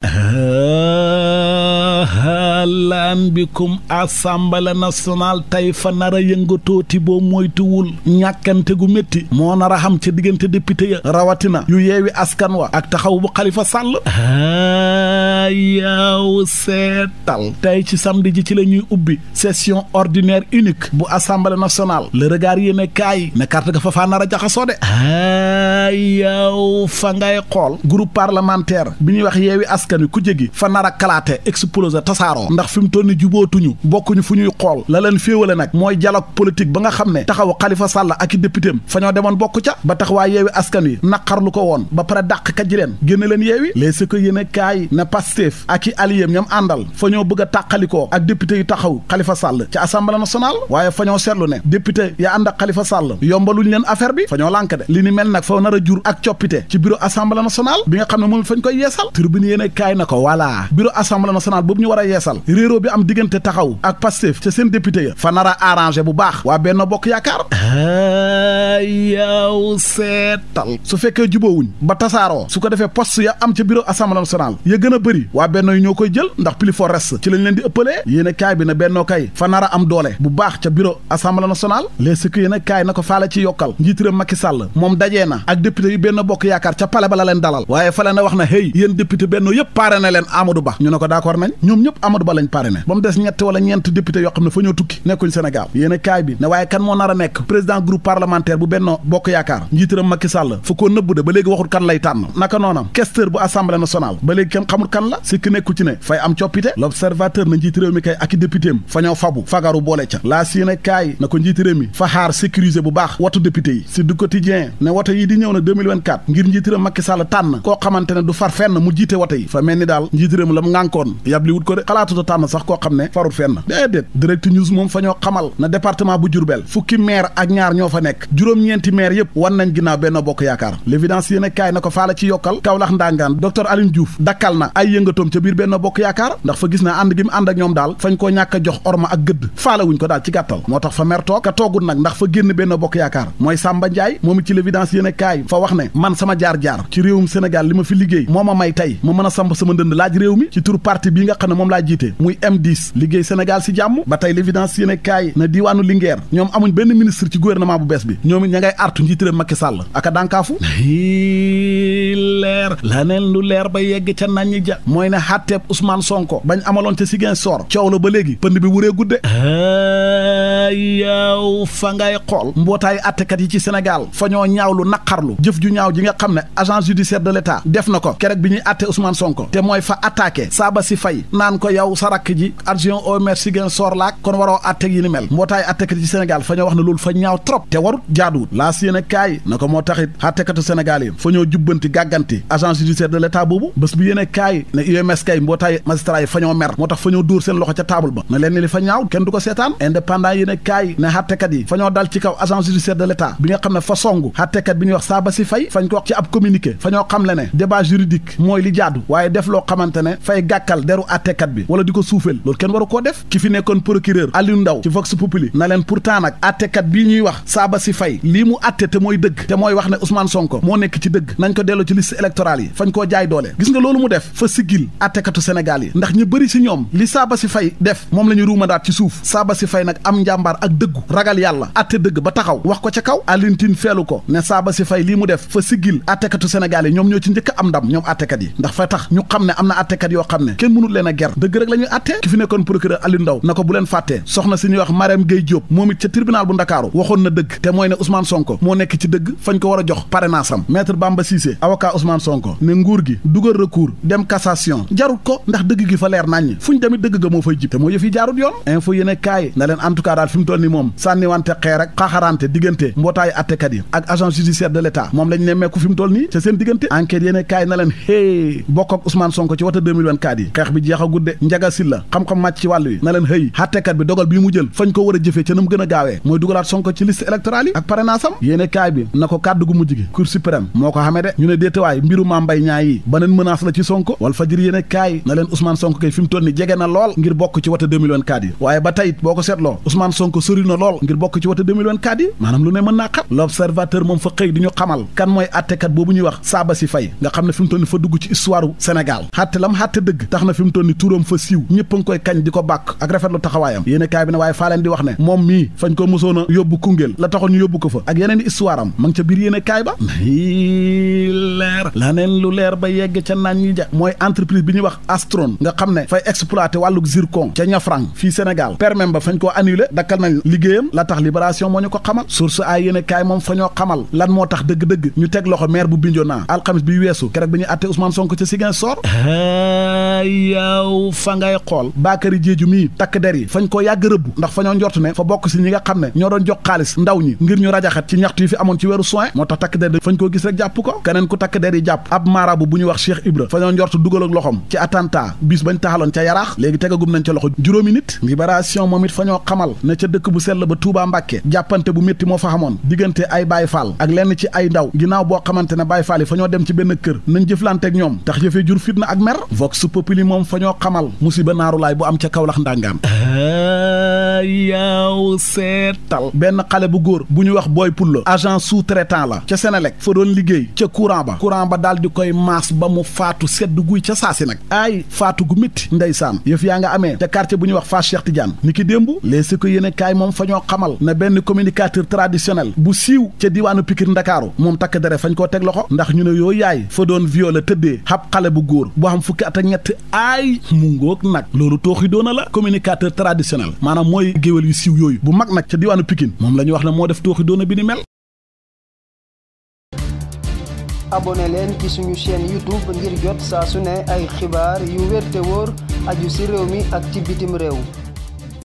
lan bikum assemblée nationale tey fa nar a yëngatooti boo moytuwul ñàkkante gu métti moo nar a xam ca diggante député ya rawatina yu yeewi askan wa ak taxaw bu xalifa sàll yaaw seetal tey ci samedi ji ci la ñuy ubbi session ordinaire unique bu assemblée nationale le regard yéene kaay ne carte ga fa faa nar jaxasoo de yaaw fa ngay xool groupe parlementaire bi ñuy wax yeewi askan askan wi ku jégi fa nar a kalaate exploser tasaaroo ndax fi mu toll ni jubootuñu bokkuñu fu ñuy xool la leen féewale nag mooy dialogue politique ba nga xam ne taxaw xalifa Sall ak i députéem fa ñoo demoon bokk ca ba tax waa yeewi askan wi naqarlu ko woon ba pare dàq kajji leen génne leen yeewi les si ko yéene kaay na Pastef ak i aliyem ñoom àndal fa ñoo bëgg a tàqalikoo ak député yu taxaw Khalifa Sall ci assemblée nationale waaye fa ñoo seetlu ne député ya ànd ak Khalifa Sall yombaluñ leen affaire bi fa a jur coppite ci bureau assemblée nationale bi nga xam ne moom fañ koy yeesal tribune yéene kaay na ko voilà bureau assemblée nationale boobu ñu war a yeesal réeroo bi am diggante taxaw ak Pastef ca seen député ya arrangé bu baax waa benn bokk yaakaar yaw seetal su fekkee jubóowuñ ba tasaaroo su ko defee post ya am ca bureau assemblée nationale ya gën a bëri waa benn yi ñoo koy jël ndax plus fort ci lañ leen di ëppalee yéen kaay bi na bennoo kay fa nar a am doole bu baax ca bureau assemblée na les si que yéen na ko faale ci yokkal njiitiram Macky Sall moom dajee na ak député yu benn bokk yaakaar ca pale ba la leen dalal waaye fa na wax na hey yéen député benn yëpp ñëpp na leen Amadou Ba ñu ne ko d'accord nañ ñoom ñëpp Amadou Ba lañ parrainé ba mu des ñett wala ñeent député yoo xam ne fa ñoo tukki nekkuñ Sénégal yéen a kaay bi ne waaye kan moo nar a nekk président groupe parlementaire bu Benno Bokk Yaakaar njiitaram Macky Sall fu ko nëbb de ba léegi waxul kan lay tànn naka noonam questeur bu assemblée nationale ba léegi kenn xamul kan la sikk nekku ci ne fay am coppite l'observateur na njiit mi kay fa ñoo boole ca a kaay na ko njiit réew mi bu baax watu député yi si du quotidien ne wote yi di ñëw na 2024 ngir njiitaram Macky Sall koo xamante ne du far fenn mu jiite wote dafa mel ni daal njiit réew mi la mu ngànkoon yab li wut ko de xalaatuta tànn sax koo xam ne farut fenn déedéet direct news moom fa ñoo xamal na département bu Diourbel fukki maire ak ñaar ñoo fa nekk juróom-ñeenti maire yëpp wan nañ ginnaaw benn bokk yaakaar l'évidence yéen kaay na ko faala ci yokkal Kaolack ndangaan docteur Alioune Diouf dakkal na ay yëngatoom ca biir benn bokk yaakaar ndax fa gis na ànd gi mu ànd ak ñoom daal fañ koo ñàkk a jox orma ak gëdd faala wuñ ko daal ci gàttal moo ka toogul nag ndax fa génn sama jaar-jaar ci réewum Sénégal li ma fi liggéey moo ma may tey samp sama ndënd laaj réew mi ci tur parti bii nga xam ne moom laa jiite muy M10 liggéey Sénégal si jàmm ba tey l'évidence yéene kaay na diiwaanu Linguère ñoom amuñ benn ministre ci gouvernement bu bees bi ñoom it ña ngay artu njiit réew Macky Sall a dànkaafu leer la neen lu leer ba yegg ca nañ ja mooy ne xàtteeb Ousmane Sonko bañ amaloon ca Ziguinchor coow la ba léegi pënd bi wuree gudde yow fa ngay xool mbootaayu attekat yi ci Sénégal fa ñoo ñaaw lu naqarlu jëf ju ñaaw ji nga xam ne agence judiciaire de l'État def na ko keroog bi ñuy atte Ousmane Sonko ko te mooy fa attaqué saaba si fay naan ko yow sa rakk ji adjoint au maire Ziguinchor laak kon waroo atteg yi ni mel mbootaay attekati ci Sénégal fa ñoo wax ne loolu fa ñaaw trop te warut jaaduwut laa si kaay na ko moo taxit attekatu Sénégal yi fa ñoo jubbanti gàgganti agence judiciaire de l'état boobu bés bu yéen kaay ne UMS kay mbootaay magistrat fa ñoo mer moo tax fa ñoo dóor seen loxo ca table ba na leen ni li fa ñaaw kenn du ko seetaan indépendant yéen kaay fa ñoo dal ci kaw agence judiciaire de l'état xam ne fa song attekat bi ñuy wax saaba si fay fañ ko wax ci ab xam ne débat juridique mooy li jaadu waaye def loo xamante ne fay gàkkal deru àttekat bi wala di ko suufeel loolu kenn waru koo def ki fi nekkoon procureur Alioune Ndao ci Vox Populi na leen pourtant nag àttekat bii ñuy wax saaba si fay lii mu àtte te mooy dëgg te mooy wax ne Ousmane Sonko moo nekk ci dëgg nañ ko delloo ci liste électorale yi fañ koo jaay doole gis nga loolu mu def fa siggil àttekatu Sénégal yi ndax ñu bëri si ñoom li saaba si fay def moom la ñu ruumandaat ci suuf saaba si fay nag am njàmbaar ak dëggu ragal yàlla àtte dëgg ba taxaw wax ko ca kaw Alioune feelu ko ne saaba si fay lii mu def fa siggil àttekatu Sénégal yi ñoom ñoo ci njëkk am ndam ñoom àttekat yi ndax ñu xam ne am na attekat yoo xam ne kenn mënul leen a ger dëgg rek la ñuy atte ki fi nekkoon procureur Aliou Ndao na ko bu leen fàttee soxna si ñuy wax Mariam Gueye Diop moom it ca tribunal bu Ndakaaru waxoon na dëgg te mooy ne Ousmane Sonko moo nekk ci dëgg fañ ko war a jox parrainage am maître Bamba Cissé avocat Ousmane Sonko ne nguur gi dugal recours dem cassation jarut ko ndax dëgg gi fa leer naññ fu ñu dëgg ga fay jib te moo yëf yi jaarut mook Ousmane Sonko ci wata 2024 yi xeex bi jeexagut de Njaga Silla xam-xam màcc ci wàll wi na leen hëy xàttekat bi dogal bii mu jël fañ ko war a jëfee ca nam gën a gaawee mooy dugalaat Sonko ci liste électorale yi ak parrainage am yéene kaay bi na ko kàddu gu mujj gi Cour moo ko xamee de ñu ne déetawaay mbiru Mame Mbaye Niang yi baneen menace la ci Sonko wal fajir yéene kaay na leen Ousmane Sonko kay fi mu toll ni jege na lool ngir bokk ci wata 2024 yi waaye ba tey boo ko seetloo Ousmane Sonko sori na xamal kan mooy àttekat boobu ñuy wax Sabassy Faye nga xam ne fi mu toll ni fa Sénégal xatte lam xatte dëgg tax na fi mu toll ni turam fa siiw ñëpp a koy kañ di ko bàkk ak rafetlu taxawaayam yéen kaay bi ne waaye faa di wax ne moom mii fañ ko mosoon a yóbbu Koungheul la taxoon ñu yóbbu ko fa ak yeneen histoire am ca biir yéen kaay ba leer la neen lu leer ba yegg ca naan ñi ja mooy entreprise bi ñuy wax Astron nga xam ne fay exploité wàllu zircon ca Niafrang fii Sénégal permis ba fañ koo annulé dakkal nañ liggéeyam la tax libération moo ñu ko xamal sor yaw fa ngay xool Bakary Diédhiou mii takk der yi fañ ko yàgg rëbb ndax fa njort ne fa bokk si ñi nga xam ne ñoo doon jox xaalis ndaw ñi ngir ñu rajaxat ci ñaxtu yi fi amoon ci weeru soin moo tax takk der yi fañ koo gis rek jàpp ko keneen ku takk der yi jàpp ab maarabu bu ñuy wax Cheikh Ibra fa ñoo njort dugal ak loxom ci attentat bis bañ taxaloon ca yaraax léegi tegagum nañ ca loxo juróomi nit libération moom it fa ñoo xamal ne ca dëkk bu sell ba Touba Mbàkke jàppante bu métti moo f xamoon diggante ay Baye ak lenn ci ay ndaw ginnaaw boo xamante ne Baye Fall yi fa ñoo dem ci benn kër nañ jëflanteeg ñoom tax jur fitna ak mer vox populi moom fa ñoo xamal musiba naaru laay bu am ca Kaolack ndàngaam yaaw seetal benn xale bu góor bu ñu wax booy pullo agent sous-traitant la ca Senelec fa doon liggéey ca courant ba courant ba daal di koy maas ba mu faatu sedd guy ca saasi nag ay faatu gu métti ndeysaan yëf yaa nga amee ca quartier bu ñuy wax Fass Cheikh Tidiane ni ki démb les si ko yéene kaay moom fa ñoo xamal na benn communicateur traditionnel bu siiw ca diiwaanu Pikine Ndakaaru moom takk dere fañ koo teg loxo ndax ñu ne yooyu yaay fa doon violé tëddee xab xale bu góor bu xam ak ñett aay traditionnel maanaam mooy géwél yu siiw yooyu bu mag nag ca diwaanu Pikine moom la ñuy wax ne moo def tooxi doona bi ni mel abonné leen ci suñu seen youtube ngir jot saa su ne ay xibaar yu wér te wóor aju ci réew mi ak ci bitim réew